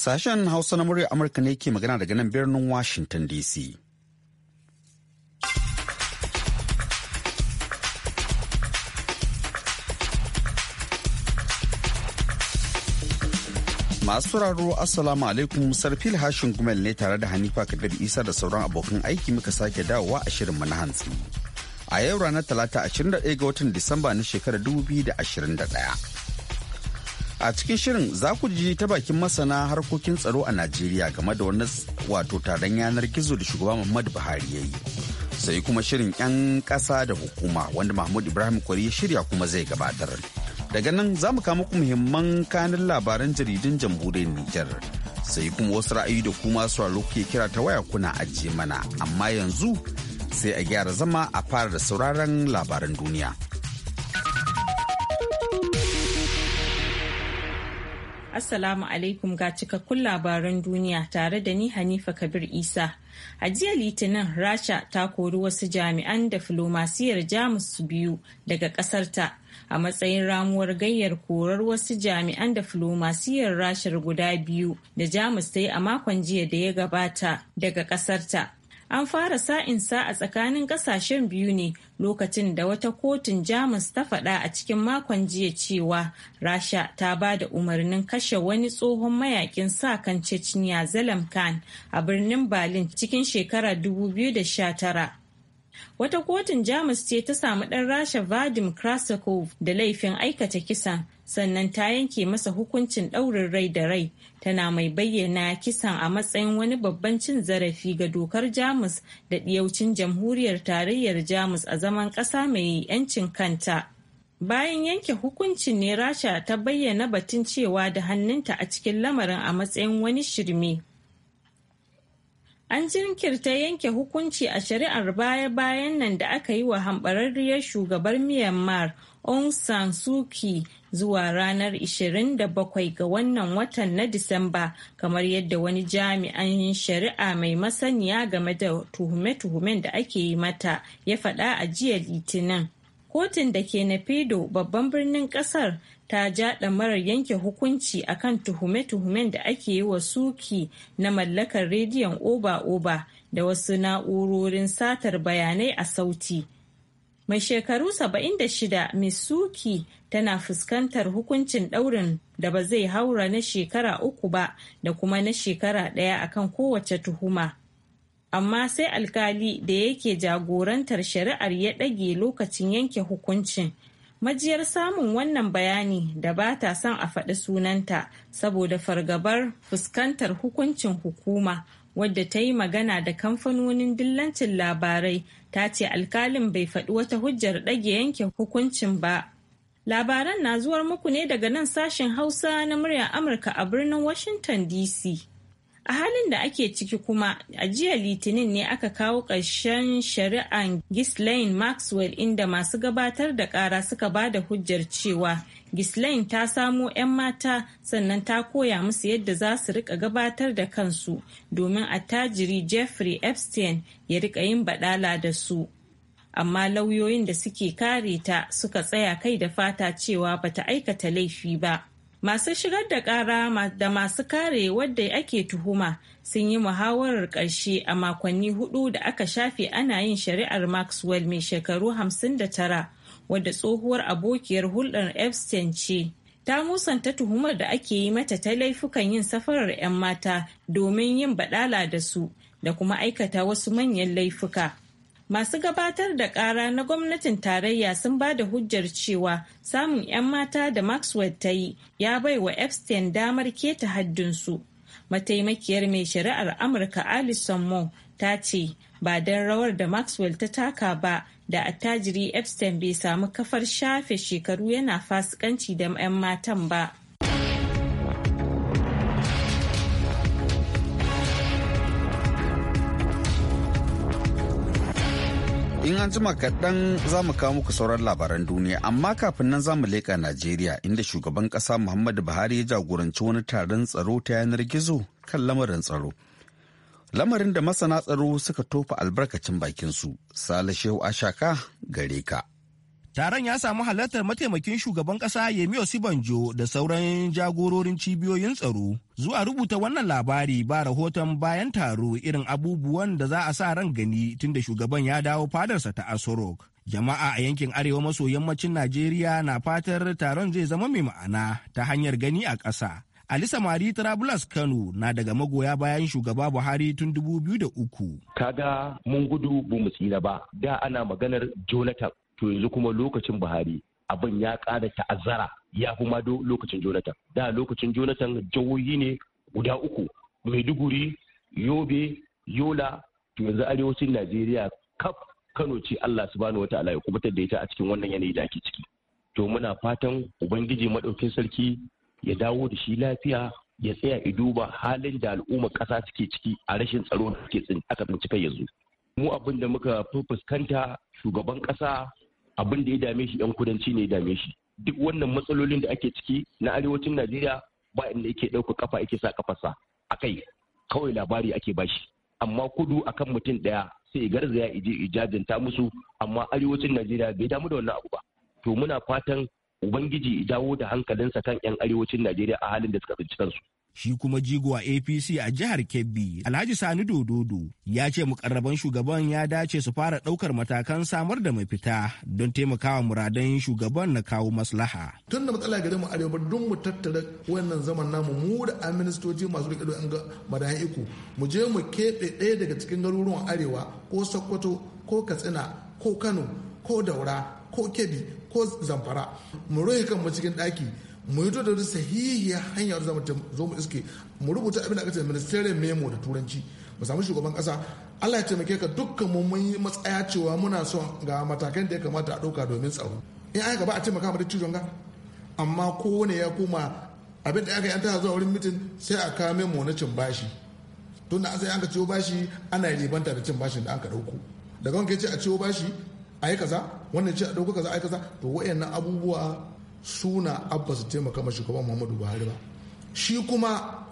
Sashen Hausa na muryar Amurka ne ke magana daga nan birnin Washington DC. Masu sauraro Assalamu alaikum Sarfil Hashin Gumel ne tare da Hanifa Kabir Isa da sauran abokan aiki muka sake dawowa a shirinmu na hantsi. A yau ranar Talata 21 ga watan Disamba na shekarar 2021. a cikin shirin za ku ji ta bakin masana harkokin tsaro a najeriya game da wani wato taron yanar gizo da shugaba muhammadu buhari ya yi sai kuma shirin 'yan ƙasa da hukuma wanda mahmud ibrahim kwari ya shirya kuma zai gabatar daga nan za mu kama muhimman kanin labaran jaridun jamhuriyar nijar sai kuma wasu ra'ayi da kuma su ke kira ta waya kuna ajiye mana amma yanzu sai a gyara zama a fara da sauraron labaran duniya. Assalamu alaikum ga cikakkun labaran duniya tare da ni Hanifa Kabir Isa. A jiya Litinin, Rasha ta kori wasu jami'an da filomasiyar Jamus biyu daga ƙasarta a matsayin ramuwar gayyar korar wasu jami'an da filomasiyar Rashar guda biyu da Jamus ta yi a makon jiya da ya gabata daga ƙasarta. an fara sa'insa a tsakanin kasashen biyu ne lokacin da wata kotun jamus ta faɗa a cikin makon jiya cewa rasha ta ba da umarnin kashe wani tsohon mayakin sa kan chechnya Zalem khan a birnin berlin cikin shekarar 2019 Wata kotun Jamus ce ta samu ɗan Rasha Vadim Krasakov da laifin aikata kisa, sannan ta yanke masa hukuncin ɗaurin rai da rai, tana mai bayyana kisan a matsayin wani babban cin zarafi ga dokar Jamus da ɗiyaucin jamhuriyar tarayyar Jamus a zaman ƙasa mai 'yancin kanta. Bayan yanke hukuncin ne Rasha ta bayyana batun cewa da hannunta a cikin lamarin a matsayin wani shirme. An jinkirta yanke hukunci a shari'ar baya-bayan nan da aka yi wa hambararriyar shugabar Myanmar Aung San Suu Kyi zuwa ranar 27 ga wannan watan na Disamba kamar yadda wani jami'an shari'a mai masaniya game da tuhume-tuhumen da ake yi mata ya faɗa a jiya Litinin. Kotun da ke Nafido babban birnin ƙasar. ta ja ɗamarar yanke hukunci akan tuhume-tuhumen da ake yi wa suki na mallakar rediyon oba-oba da wasu na'urorin satar bayanai a sauti. Mai shekaru 76 Suki tana fuskantar hukuncin ɗaurin da ba zai haura na shekara uku ba da kuma na shekara ɗaya akan kowace tuhuma. Amma sai alkali da yake jagorantar shari'ar ya ɗage lokacin yanke hukuncin Majiyar samun wannan bayani da ba ta son a faɗi sunanta saboda fargabar fuskantar hukuncin hukuma wadda ta yi magana da kamfanonin dillancin labarai ta ce alkalin bai faɗi wata hujjar ɗage yanke hukuncin ba. Labaran na zuwar muku ne daga nan sashen Hausa na muryar Amurka a birnin Washington DC. a halin da ake ciki kuma a jiya litinin ne aka kawo ƙarshen shari'an Ghislaine maxwell inda masu gabatar da ƙara suka ba da hujjar cewa Ghislaine ta samo 'yan mata sannan ta koya musu yadda za su rika gabatar da kansu domin attajiri jeffrey epstein ya rika yin baɗala da su amma lauyoyin da suke kare ta suka tsaya kai da fata cewa bata aikata laifi ba masu shigar da kara da masu kare wadda ake tuhuma sun yi muhawarar ƙarshe a makonni hudu da aka shafe ana yin shari'ar maxwell mai shekaru 59 wadda tsohuwar abokiyar hulɗar epstein ce ta musanta tuhumar da ake yi mata ta laifukan yin safarar 'yan mata domin yin baɗala da su da kuma aikata wasu manyan laifuka Masu gabatar da ƙara na gwamnatin tarayya sun ba da hujjar cewa samun 'yan mata da Maxwell ta yi ya bai wa Epstein damar keta haddinsu. Mataimakiyar mai shari'ar Amurka Alison Moore ta ce ba don rawar da Maxwell ta taka ba da attajiri Epstein bai samu kafar shafe shekaru yana fasikanci da 'yan matan ba. In an jima kaɗan za mu kawo muku sauran labaran duniya, amma kafin nan za mu leƙa Najeriya inda shugaban ƙasa Muhammadu Buhari ya jagoranci wani taron tsaro ta yanar gizo kan lamarin tsaro. Lamarin da masana tsaro suka tofa albarkacin bakinsu, Sale Shehu Ashaka gare ka. Taron ya samu halartar mataimakin shugaban ƙasa Yemi Osibanjo da sauran jagororin cibiyoyin tsaro. Zuwa rubuta wannan labari ba rahoton bayan taro irin abubuwan da za a sa ran gani tunda shugaban ya dawo fadarsa ta Asorok. Jama'a a yankin arewa maso yammacin Najeriya na fatar taron zai zama mai ma'ana ta hanyar gani a ƙasa. Ali Samari Trablus Kano na daga magoya bayan shugaba Buhari tun 2003. Kaga mun gudu ba mu tsira ba. Da ana maganar Jonathan to yanzu kuma lokacin buhari abin ya ƙara ta'azzara ya fi ma lokacin jonathan da lokacin jonathan jihohi ne guda uku maiduguri yobe yola to yanzu arewacin najeriya kaf kano ce allah su subhanahu wataala ya kubutar da ita a cikin wannan yanayi da ake ciki to muna fatan ubangiji maɗaukin sarki ya dawo da shi lafiya ya tsaya ya duba halin da al'ummar ƙasa suke ciki a rashin tsaro da suke aka bincika yanzu mu abin da muka fuskanta shugaban ƙasa abin da ya dame shi yan kudanci ne ya dame shi duk wannan matsalolin da ake ciki na arewacin najeriya ba inda yake ɗauka kafa yake sa kafarsa a kai kawai labari ake bashi amma kudu akan mutum ɗaya sai garzaya ije ijajinta musu amma arewacin najeriya bai damu da wannan abu ba to muna fatan ubangiji dawo da hankalinsa kan yan arewacin najeriya a halin da suka tsinci kansu shi kuma jigo a apc a jihar kebbi alhaji sani dododo ya ce mukarraban shugaban ya dace su fara daukar matakan samar da mafita don taimakawa muradan shugaban na kawo maslaha tun da matsala gare mu arewa don mu tattara wannan zaman namu mu da administoci masu rike da ga madahin iko mu je mu keɓe ɗaya daga cikin garuruwan arewa ko sokoto ko katsina ko kano ko daura ko kebbi ko zamfara mu rohe kanmu cikin ɗaki mu yi da sahihiyar hanyar ta zo mu iske mu rubuta abin da aka ce ministerial memo da turanci mu samu shugaban kasa Allah ya taimake ka dukkan mu mun yi matsaya cewa muna son ga matakan da ya kamata a ɗauka domin tsaro in aka gaba a taimaka mu da cijon ga amma kowane ya koma abin da aka yi an tara zuwa wurin mitin sai a kawo memo na cin bashi tun da an sai an ka ciwo bashi ana yi ribanta da cin bashin da an ka ɗauko daga wanke ce a ciwo bashi a yi kaza wannan ce a ɗauko kaza a yi kaza to wa'annan abubuwa suna abba su taimaka ma shugaban muhammadu buhari ba shi kuma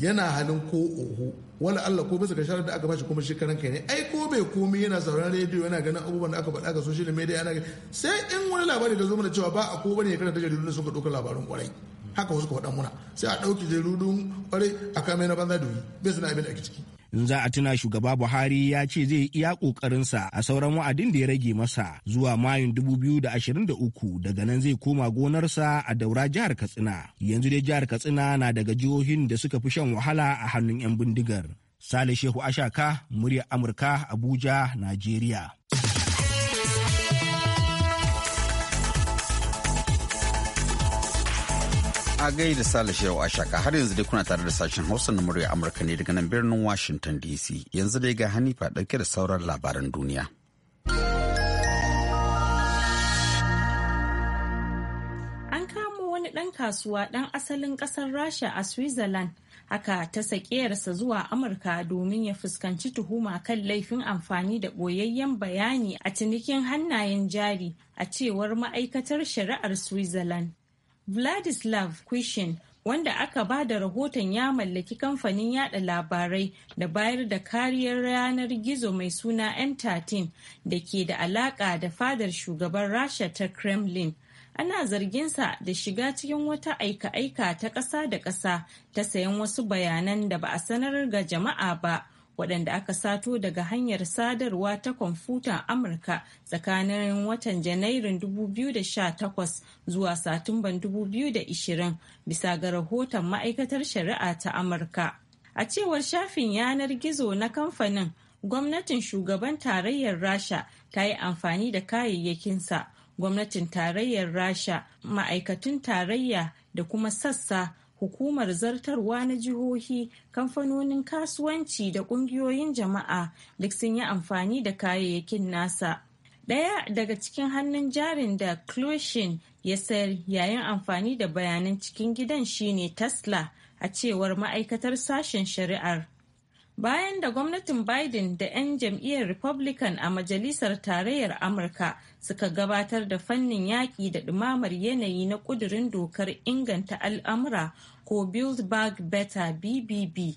yana halin ko oho wala Allah ko bisa ga sharar da aka bashi kuma shekaran kai ne ai ko bai komai yana sauran rediyo yana ganin abubuwan da aka faɗa ga social media yana sai in wani labari da zo mana cewa ba a ko bane karanta jaridun suka ɗauka labarin kwarai haka wasu ka faɗa muna sai a ɗauki jaridun kwarai a kame na banza doyi bai suna abin da ake ciki in za a tuna shugaba buhari ya ce zai iya ƙoƙarinsa a sauran wa'adin da ya rage masa zuwa mayun 2023 daga nan zai koma gonarsa a daura jihar katsina yanzu dai jihar katsina na daga jihohin da suka fi shan wahala a hannun 'yan bindigar sale shehu ashaka murya amurka abuja najeriya a gaida Sale Shehu a shaka har yanzu dai kuna tare da sashen Hausa na murya Amurka ne daga nan birnin Washington DC yanzu dai ga Hanifa ɗauke da sauran labaran duniya. An kamo wani ɗan kasuwa ɗan asalin ƙasar Rasha a Switzerland haka ta sakiyarsa zuwa Amurka domin ya fuskanci tuhuma kan laifin amfani da ɓoyayyen bayani a cinikin hannayen jari a cewar ma'aikatar shari'ar Switzerland. Vladislav Kushin wanda aka ba da rahoton ya mallaki kamfanin yada labarai da bayar da kariyar yanar gizo mai suna M13 da ke da alaka da fadar shugaban Rasha ta Kremlin. Ana zarginsa da shiga cikin wata aika-aika ta ƙasa da ƙasa ta sayan wasu bayanan da ba a sanar ga jama'a ba. waɗanda aka sato daga hanyar sadarwa ta kwamfuta amurka tsakanin watan janairun 2018 zuwa satumban 2020 bisa ga rahoton ma'aikatar shari'a ta amurka a cewar shafin yanar gizo na kamfanin gwamnatin shugaban tarayyar rasha ta yi amfani da kayayyakinsa gwamnatin tarayyar rasha ma'aikatun tarayya da kuma sassa hukumar zartarwa na jihohi kamfanonin kasuwanci da ƙungiyoyin jama'a duk sun yi amfani da kayayyakin nasa ɗaya daga cikin hannun jarin da closhin ya sayar yayin amfani da bayanan cikin gidan shine tesla a cewar ma'aikatar sashen shari'ar bayan da gwamnatin Biden da 'yan jam'iyyar Republican a Majalisar Tarayyar Amurka suka gabatar da fannin yaƙi da ɗumamar yanayi na ƙudurin dokar inganta al'amura ko Build Back Better BBB.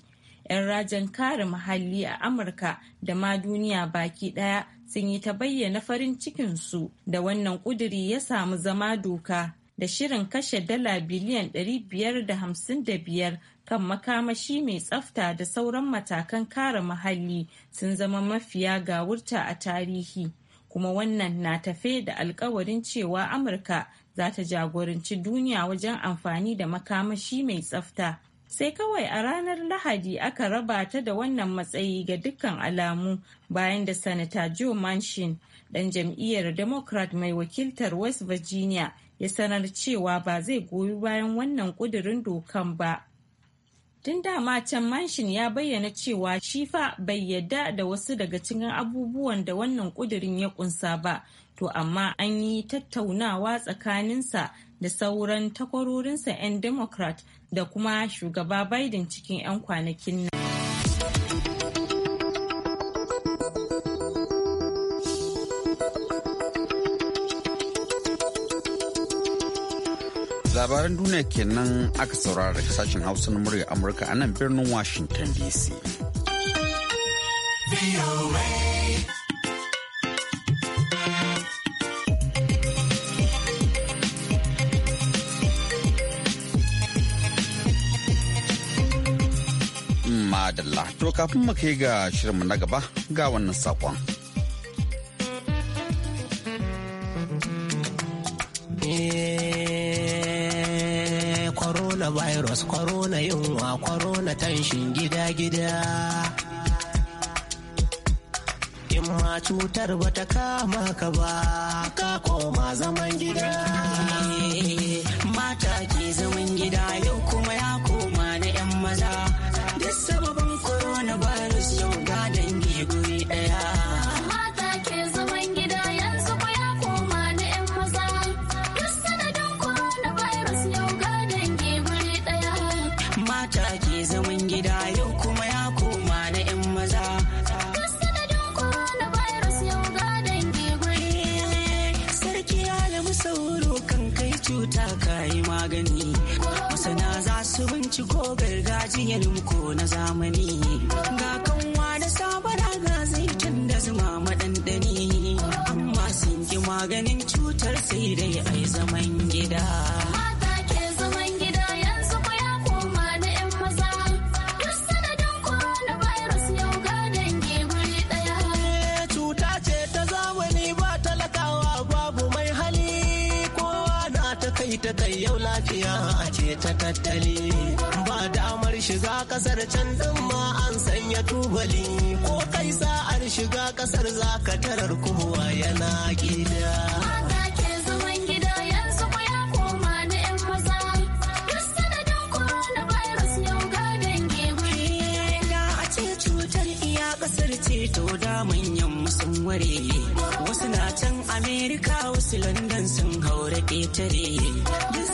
'Yan rajin kare muhalli a Amurka da ma duniya baki ɗaya sun yi ta bayyana farin cikinsu da wannan ƙuduri ya samu zama doka da shirin kashe dala biliyan 555 kan makamashi mai tsafta da sauran matakan kare muhalli sun zama mafiya gawurta a tarihi kuma wannan na tafe da alkawarin cewa amurka za ta jagoranci duniya wajen amfani da makamashi mai tsafta sai kawai a ranar lahadi aka raba ta da wannan matsayi ga dukkan alamu bayan da sanata joe manchin dan jam'iyyar democrat mai wakiltar west virginia ya sanar cewa ba zai goyi bayan wannan kudirin dokan ba Tun dama can Manshin ya bayyana cewa shifa bai yadda da wasu daga cikin abubuwan da wannan kudirin ya kunsa ba, to amma an yi tattaunawa tsakaninsa da sauran takwarorinsa 'yan Democrat da kuma shugaba Biden cikin 'yan kwanakin nan. labaran duniya kenan aka saurara daga sashen hausa na murya amurka a nan birnin washington dc madalla to kafin mu kai ga shirinmu na gaba ga wannan saƙon. virus corona yunwa corona tanshin gida-gida in ma cutar bata kama ka ba ka koma zaman gida mata ke zaman gida yau kuma ya koma na 'yan maza da sababin coronavirus yau Ta ke zaman gida yau kuma ya koma na 'yan maza. Sarki alamu sauro kan kai cuta kayi magani. Masana za su binciko gargajiyar ko na zamani. yau lafiya a ce ta tattali ba damar shiga kasar can din ma an sanya tubali ko kai sa'ar shiga kasar zaka tarar kowa yana gida. ce sun ware wasu na can amerika wasu london sun haura ƙetare duk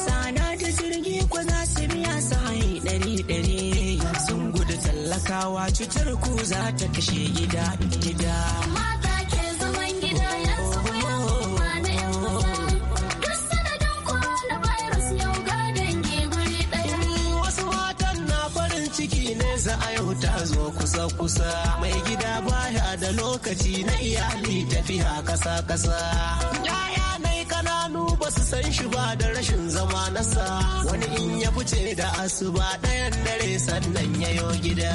A cutar ku za ta kashe gida gida. Mata gida yanzu ku matan na farin ciki ne a yau ta kusa kusa. Mai gida baya da lokaci na iyali tafiya kasa kasa. Ya'ya mai kananu ba su san shi ba da rashin zama nasa. Wani in ya fice da asuba ɗayan dare sannan yayo gida.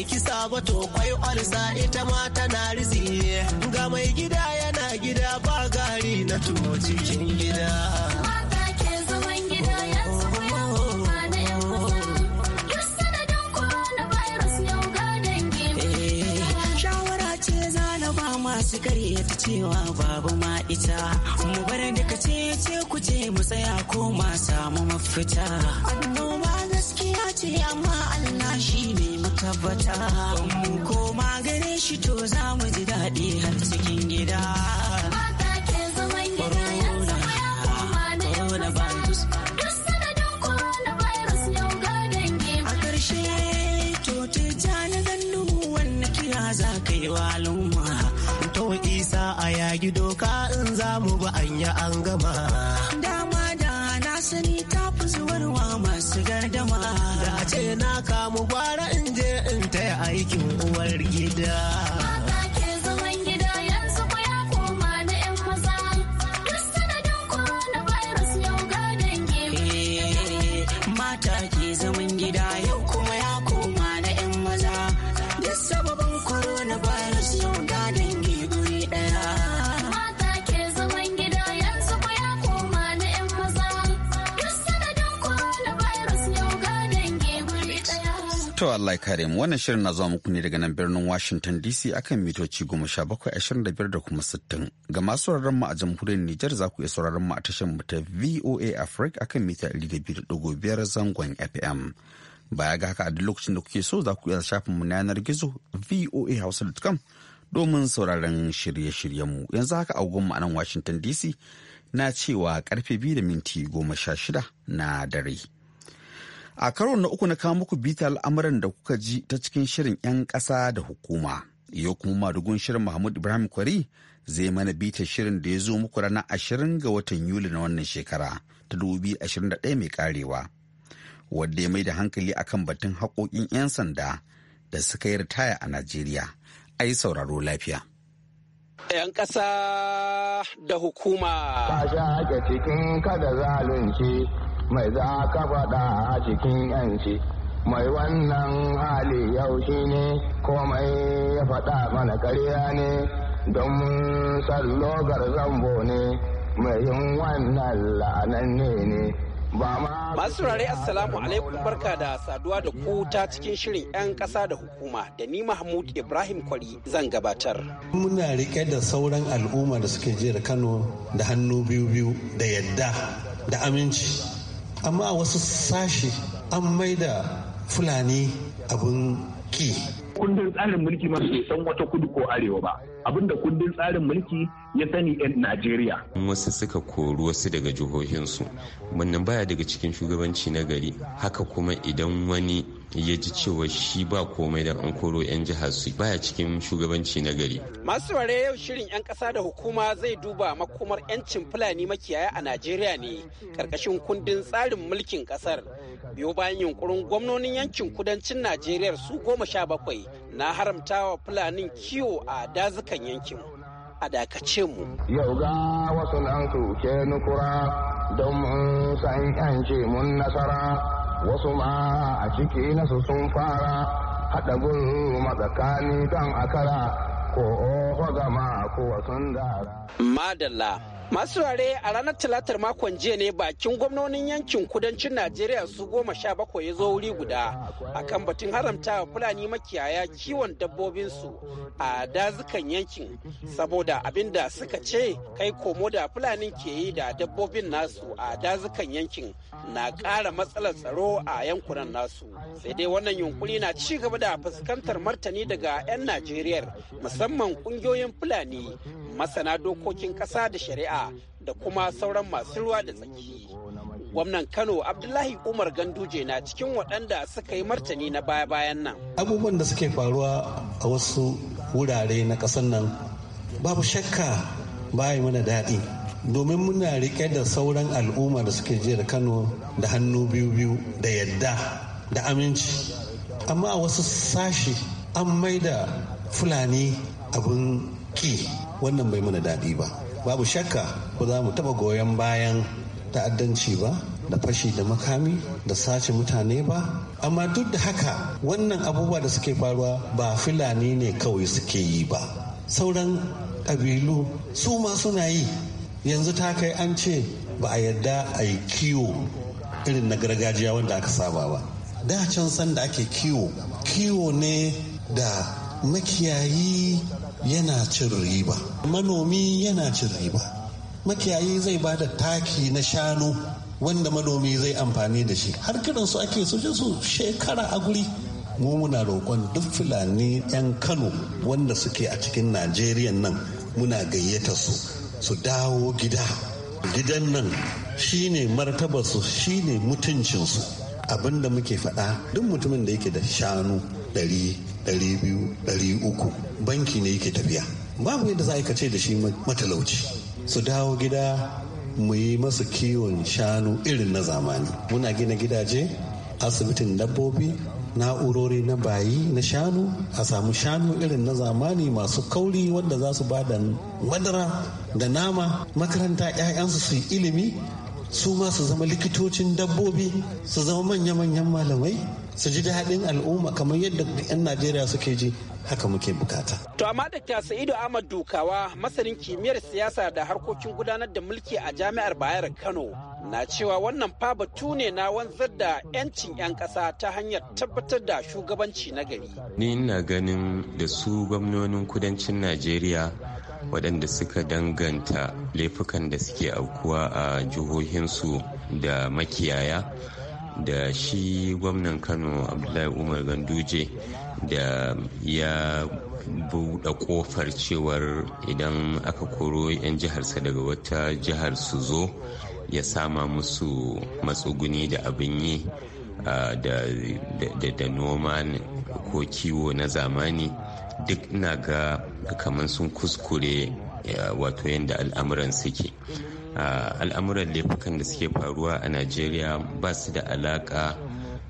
bai kisa ba to kwai olsa ita ma tana rizie ga mai gida yana gida ba gari na tuwo cikin gida. masu karyata cewa babu ma ita mu bar duka ce ce ku ce mu tsaya ko ma samu mafita annoba gaskiya ce amma Allah shi ne tabbata mu koma gare shi to za mu ji daɗi har cikin gida. mata ke zaman To Allah kare mu wannan shirin na zuwa muku ne daga nan birnin Washington DC akan mitoci goma sha bakwai ashirin da kuma sittin. Ga masu sauraron mu a jamhuriyar Nijar za ku iya sauraron mu a tashar mu ta VOA Africa akan mita ɗari zangon FM. Baya ga haka a duk lokacin da kuke so za ku iya shafin mu na yanar gizo voahouse.com domin sauraron shirye-shiryen mu. Yanzu haka a mu a nan Washington DC na cewa karfe 2 da minti goma shida na dare. A karo na uku na kawo muku bita al'amuran da kuka ji ta cikin shirin 'yan ƙasa da hukuma. Yau kuma madugun shirin Mahmud Ibrahim Kwari zai mana bita shirin da ya zo muku ranar ashirin ga watan Yuli na wannan shekara ta da ɗaya mai karewa. Wadda ya mai da hankali akan batun haƙoƙin 'yan sanda da suka yi ritaya a Najeriya. Ai sauraro lafiya. 'yan ƙasa da hukuma. Ka ake cikin kada zalunci mai za ka faɗa a cikin 'yanci. Mai wannan hali yau shi ne komai ya faɗa mana karya ne don sallogar zambo ne mai yin wannan la'ananne ne. Masu turare Assalamu alaikum barka da saduwa da ku ta cikin shirin 'yan ƙasa da hukuma da ni Mahmud Ibrahim Kwari zan gabatar. Muna riƙe da sauran al'umma da suke jiyar Kano da hannu biyu-biyu da yadda da aminci. Amma a wasu sashe an maida Fulani abin ki. Kundin tsarin mulki masu san wata kudu ko arewa ba. abinda kundin tsarin mulki ya sani 'yan najeriya wasu suka kori wasu daga jihohinsu wannan baya daga cikin shugabanci na gari haka kuma idan wani ya ji cewa shi ba komai da an koro 'yan jihar su baya cikin shugabanci na gari masu ware yau shirin 'yan kasa da hukuma zai duba makomar 'yancin fulani makiyaya a najeriya ne karkashin kundin tsarin mulkin kasar biyo bayan yunkurin gwamnonin yankin kudancin najeriya su goma sha bakwai na haramta wa fulanin kiwo a dazukan yankin a dakace mu yau ga wasu nan ke nukura don mun san yance mun nasara wasu ma a ciki nasu sun fara haɗa gulu matsakani kan akara ko oho gama ko wasan dara madalla Masu rare a ranar talatar makon jiya ne bakin gwamnonin yankin kudancin Najeriya su goma sha bakwai ya zo wuri guda a kan batun haramta wa Fulani makiyaya kiwon dabbobinsu a dazukan yankin saboda abin da suka ce kai komo da Fulani ke yi da dabbobin nasu a dazukan yankin na ƙara matsalar tsaro a yankunan nasu. Sai dai wannan yunkuri na ci gaba da fuskantar martani daga 'yan Najeriya musamman ƙungiyoyin Fulani masana dokokin ƙasa da shari'a da kuma sauran masu ruwa da tsaki. Gwamnan Kano Abdullahi Umar Ganduje na cikin waɗanda suka yi martani na baya-bayan nan. Abubuwan da suke faruwa a wasu wurare na ƙasar nan babu shakka baya mana daɗi. domin muna riƙe da sauran al'umma da suke je da kano da hannu biyu-biyu da yadda da aminci amma a wasu sashi an maida fulani abin ki wannan bai mana daɗi ba babu shakka ko za mu taba goyon bayan ta'addanci ba da fashi da makami da sace mutane ba amma duk da haka wannan abubuwa da suke faruwa ba fulani ne kawai suke yi ba sauran ƙabilu su ma suna yi yanzu ta kai an ce ba a yarda a yi kiwo irin na gargajiya wanda aka saba ba da can san da ake kiwo kiwo ne da makiyayi yana cin riba manomi yana cin riba makiyayi zai ba da taki na shanu wanda manomi zai amfani da shi har kiran su ake su su shekara a guri mu muna roƙon duk fulani 'yan kano wanda suke a cikin najeriya nan muna gayyata su su dawo gida gidan nan shine martabarsu shine mutuncinsu abinda muke faɗa duk mutumin da yake da shanu ɗari ɗari biyu banki ne yake tafiya babu yadda za a ce da shi matalauci su dawo gida mu yi masu kiwon shanu irin na zamani muna gina gidaje asibitin dabbobi na'urori na bayi na shanu a samu shanu irin na zamani masu kauri wanda za su ba da madara da nama makaranta 'ya'yansu su yi ilimi su ma su zama likitocin dabbobi su zama manya-manyan malamai su ji daɗin al'umma kamar yadda 'yan najeriya suke ji haka muke bukata. to amma da sa'idu ahmad dukawa masanin kimiyyar siyasa da harkokin gudanar da mulki a jami'ar bayar kano na cewa wannan fa batu ne na wanzar da 'yancin 'yan ƙasa ta hanyar tabbatar da shugabanci na gari. ni ina ganin da su gwamnonin kudancin najeriya waɗanda suka danganta laifukan da suke aukuwa a jihohinsu da makiyaya da shi gwamnan kano abdullahi umar ganduje da ya buɗe ƙofar cewar idan aka koro 'yan jiharsa daga wata jihar su zo ya sama musu matsuguni da abin yi da noma ko kiwo na zamani duk ina ga kamar sun kuskure wato yadda al'amuran suke al'amuran laifukan da suke faruwa a najeriya ba su da alaka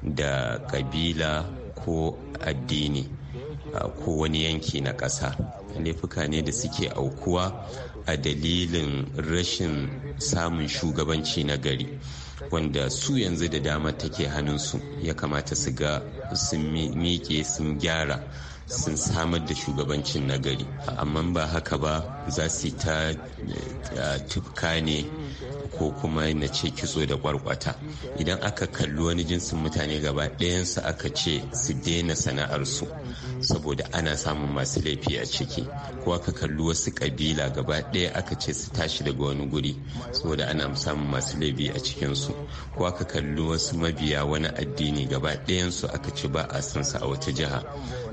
da kabila ko addini ko wani yanki na ƙasa laifuka ne da suke aukuwa a dalilin rashin samun shugabanci na gari wanda su yanzu da dama take hannunsu ya kamata su ga sun miƙe sun gyara sun samar da shugabancin nagari amma ba haka ba za su ta eh, tufka ne ko kuma na ce kitso da kwarkwata idan aka kalli wani jinsin mutane gaba ɗayansu aka ce su daina sana'ar su saboda ana samun masu laifi a ciki ko aka kalli wasu ƙabila gaba ɗaya aka ce su tashi daga wani guri saboda ana samun masu laifi a cikinsu ko aka kalli wasu mabiya wani addini gaba ɗayansu aka ce ba a san su a wata jiha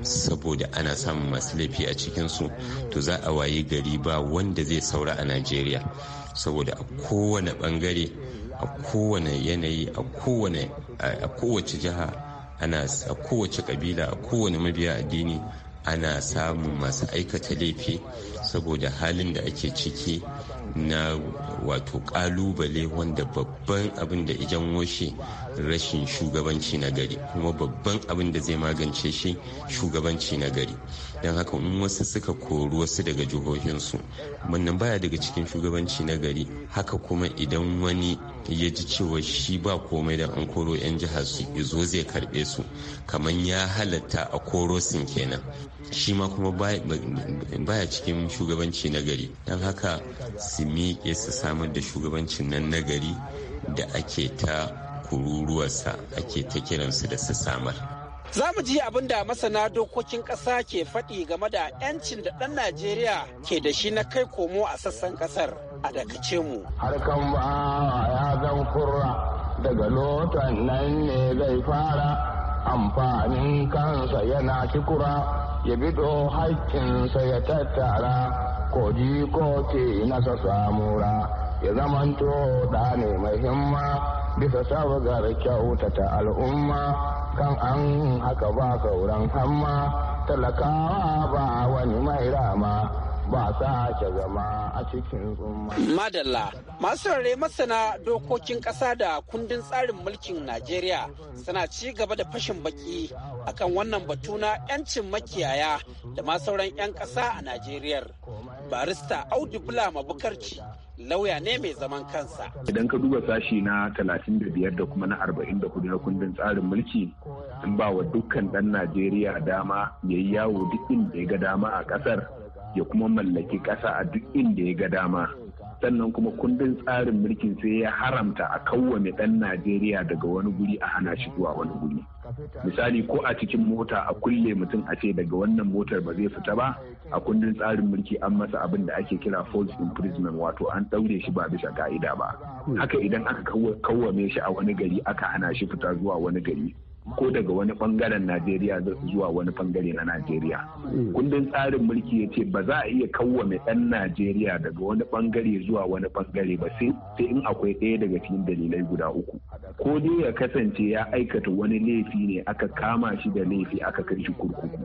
saboda ana samun masu laifi a cikinsu to za a wayi gari ba wanda zai saura a najeriya saboda a kowane bangare a kowane yanayi a kowace jiha a kowace kabila a kowane mabiya addini ana samun masu aikata laifi saboda halin da ake ciki na wato kalubale wanda babban abin da ijan washe rashin shugabanci na gari kuma babban abin da zai magance shi shugabanci na gari don haka in wasu suka kori wasu daga jihohinsu wannan baya daga cikin shugabanci na gari haka kuma idan wani ya ji cewa shi ba komai da an koro 'yan jihar su izo zai karbe su kamar ya halatta a koro sun kenan shi ma kuma baya cikin shugabanci na gari don haka su miƙe su samar da shugabancin nan nagari da ake ta kururuwarsa ake ta kiransu da su samar Za mu ji abin da masana dokokin ƙasa ke faɗi game da 'yancin da ɗan Najeriya ke da shi na kai komo a sassan ƙasar a dakace mu. Harkan ba ya zan kurra daga lotan nan ne zai fara amfanin kansa yana kikura ya bido haƙƙinsa ya tattara ko ko ke nasa samura ya zamanto da ne mai himma bisa sabgar kyautata al'umma kan an haka ba sauran hamma talakawa ba wani mai rama ba sake zama a cikin tsumma. Madalla, masu rare masana dokokin ƙasa da kundin tsarin mulkin Najeriya suna ci gaba da fashin baki akan wannan batu na 'yancin makiyaya da ma sauran 'yan ƙasa a Najeriya. Barista Audu Bula Mabukarci lauya ne mai zaman kansa. Idan ka duba sashi na 35 da kuma na 44 na kundin tsarin mulki in ba wa dukkan ɗan Najeriya dama ya yi yawo duk inda ya ga dama a ƙasar ya kuma mallaki ƙasa a duk inda ya ga dama sannan kuma kundin tsarin mulkin sai ya haramta a kawwame ɗan najeriya daga wani guri a hana shi zuwa wani guri misali ko a cikin mota a kulle mutum a ce daga wannan motar ba zai fita ba a kundin tsarin mulki an masa abin da ake kira false imprisonment wato an ɗaure shi ba bisa ka'ida ba haka idan aka kawwame shi a wani gari aka hana shi fita zuwa wani gari ko daga wani bangaren najeriya zuwa wani bangare na najeriya hmm. kundin tsarin mulki ya ce ba za a iya kawwame ɗan najeriya daga wani bangare zuwa wani bangare ba sai in akwai ɗaya daga cikin dalilai guda uku ko dai ya kasance ya aikata wani laifi ne aka kama shi da laifi aka kai shi kurkuku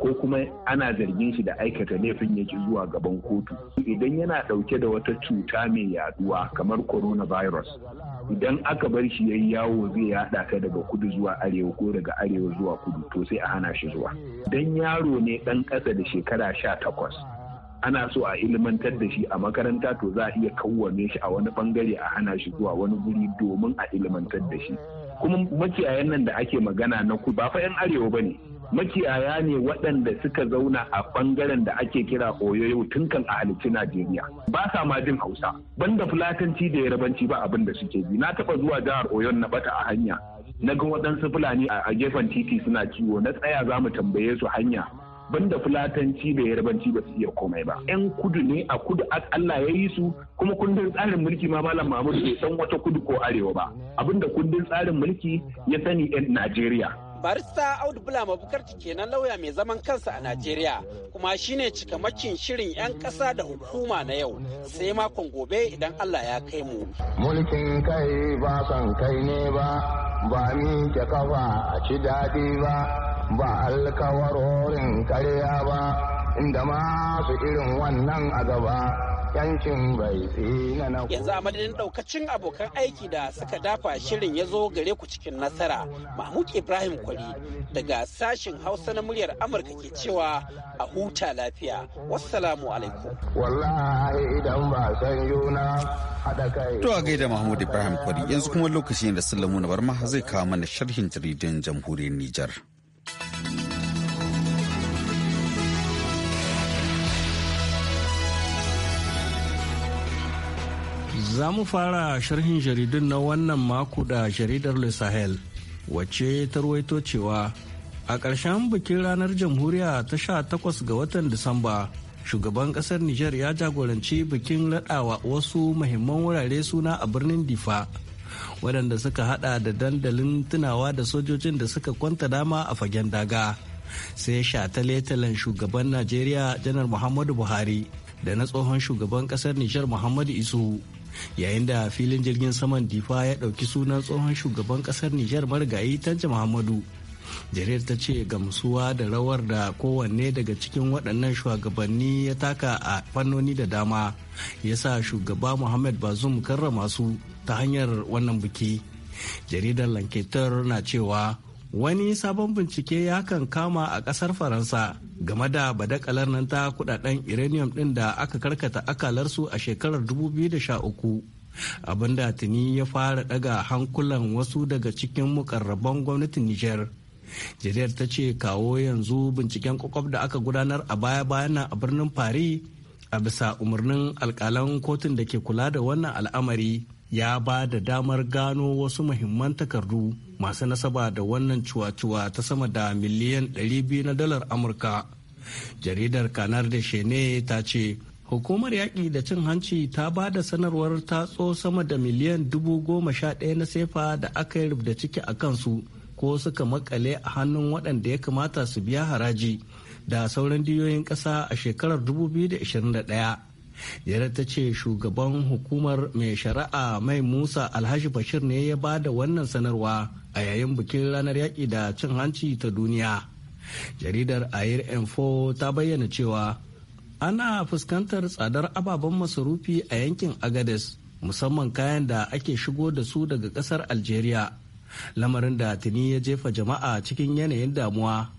ko kuma ana zargin shi da aikata laifin yaki zuwa gaban kotu idan yana dauke da wata cuta mai yaduwa kamar coronavirus idan aka bar shi yayi yawo zai yada ta daga kudu zuwa arewa ko daga arewa zuwa kudu to sai a hana shi zuwa dan yaro ne dan ƙasa da shekara sha takwas ana so a ilmantar da shi a makaranta to za a iya kawwame shi a wani bangare a hana shi zuwa wani guri domin a ilmantar da shi kuma makiyayan nan da ake magana na ku ba fa yan arewa ba ne makiyaya ne waɗanda suka zauna a ɓangaren da ake kira oyoyo tun kan a halittu najeriya ba sa ma jin hausa banda fulatanci da yarabanci ba abin da suke bi. na taɓa zuwa jihar oyon na bata a hanya na ga waɗansu fulani a gefen titi suna kiwo na tsaya za mu tambaye su hanya banda fulatanci da yarabanci ba su iya komai ba yan kudu ne a kudu Allah ya yi su kuma kundin tsarin mulki ma malam Mahmud bai san wata kudu ko arewa ba abinda kundin tsarin mulki ya sani yan Najeriya barista audu bula mabukarci kenan lauya mai zaman kansa a najeriya kuma shine cikamakin shirin 'yan kasa da hukuma na yau sai makon gobe idan allah ya kai mu mulkin kai ba son kai ne ba ba ni ke kafa a ci daɗi ba ba alkawarorin karya ba inda masu irin wannan a gaba yancin bai yanzu a madadin daukacin abokan aiki da suka dafa shirin ya zo gare ku cikin nasara mahmud ibrahim kwari daga sashen hausa na muryar amurka ke cewa a huta lafiya wassalamu alaikum wallahi idan ba san yuna haɗa kai to a gaida mahmud ibrahim kwari yanzu kuma lokacin da sallamu na barma zai kawo mana sharhin jaridan jamhuriyar nijar Za mu fara sharhin jaridun na wannan mako da jaridar Le Sahel, wacce ta ruwaito cewa a ƙarshen bikin ranar jamhuriya ta sha takwas ga watan Disamba, shugaban ƙasar Nijar ya jagoranci bikin raɗawa wasu mahimman wurare suna a birnin Difa. waɗanda suka hada da dandalin tunawa da sojojin da suka kwanta dama a fagen daga sai shataletalen shugaban najeriya janar muhammadu buhari da na tsohon shugaban ƙasar nijar muhammadu isu yayin da filin jirgin saman difa ya ɗauki sunan tsohon shugaban ƙasar nijar marigayi tanja muhammadu jarir ta ce gamsuwa da rawar da kowanne daga cikin waɗannan shugabanni ya taka a fannoni da dama ya sa shugaba muhammad bazum karrama su ta hanyar wannan biki jaridar lanketar na cewa wani sabon bincike ya kan kama a kasar faransa game da badakalar nan ta kudaden uranium din da aka karkata akalarsu a shekarar 2013 abinda tuni ya fara daga hankulan wasu daga cikin mukarraban gwamnatin niger jiriyar ta ce kawo yanzu binciken kwakwab da aka gudanar a baya-bayan a birnin paris a bisa umarnin alkalan kotun da ke kula da wannan al'amari ya ba da damar gano wasu muhimman takardu masu nasaba da wannan cuwa-cuwa ta sama da miliyan 200 na dalar amurka jaridar kanar da shene ta ce hukumar yaƙi da cin hanci ta ba da sanarwar tatso sama da miliyan 11,000 na sefa da aka yi rubda ciki a kansu ko suka makale a hannun waɗanda ya kamata su biya haraji da sauran diyoyin ƙasa a shekarar 2021 jere ta ce shugaban hukumar mai shari'a mai musa alhaji bashir ne ya ba da wannan sanarwa a yayin bikin ranar yaƙi da cin hanci ta duniya jaridar air info ta bayyana cewa ana fuskantar tsadar ababen masarufi a yankin agades musamman kayan da ake shigo da su daga kasar algeria lamarin da tuni ya jefa jama'a cikin yanayin damuwa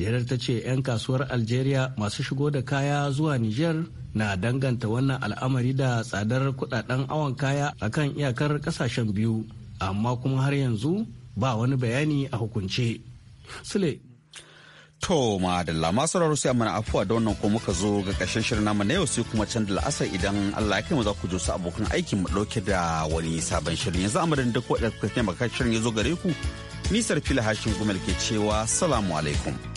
jerar ta ce 'yan kasuwar algeria masu shigo da kaya zuwa nijar na danganta wannan al'amari da tsadar kudaden awon kaya a kan iyakar kasashen biyu amma kuma har yanzu ba wani bayani a hukunce sule To madalla masu raro mana afuwa da wannan ko muka zo ga ƙarshen shirin namu na yau sai kuma can da la'asar idan Allah ya kai mu za ku su abokan aikin mu ɗauke da wani sabon shirin yanzu amarin duk da kuka taimaka shirin ya zo gare ku Nisar filahashin gumal ke cewa salamu alaikum.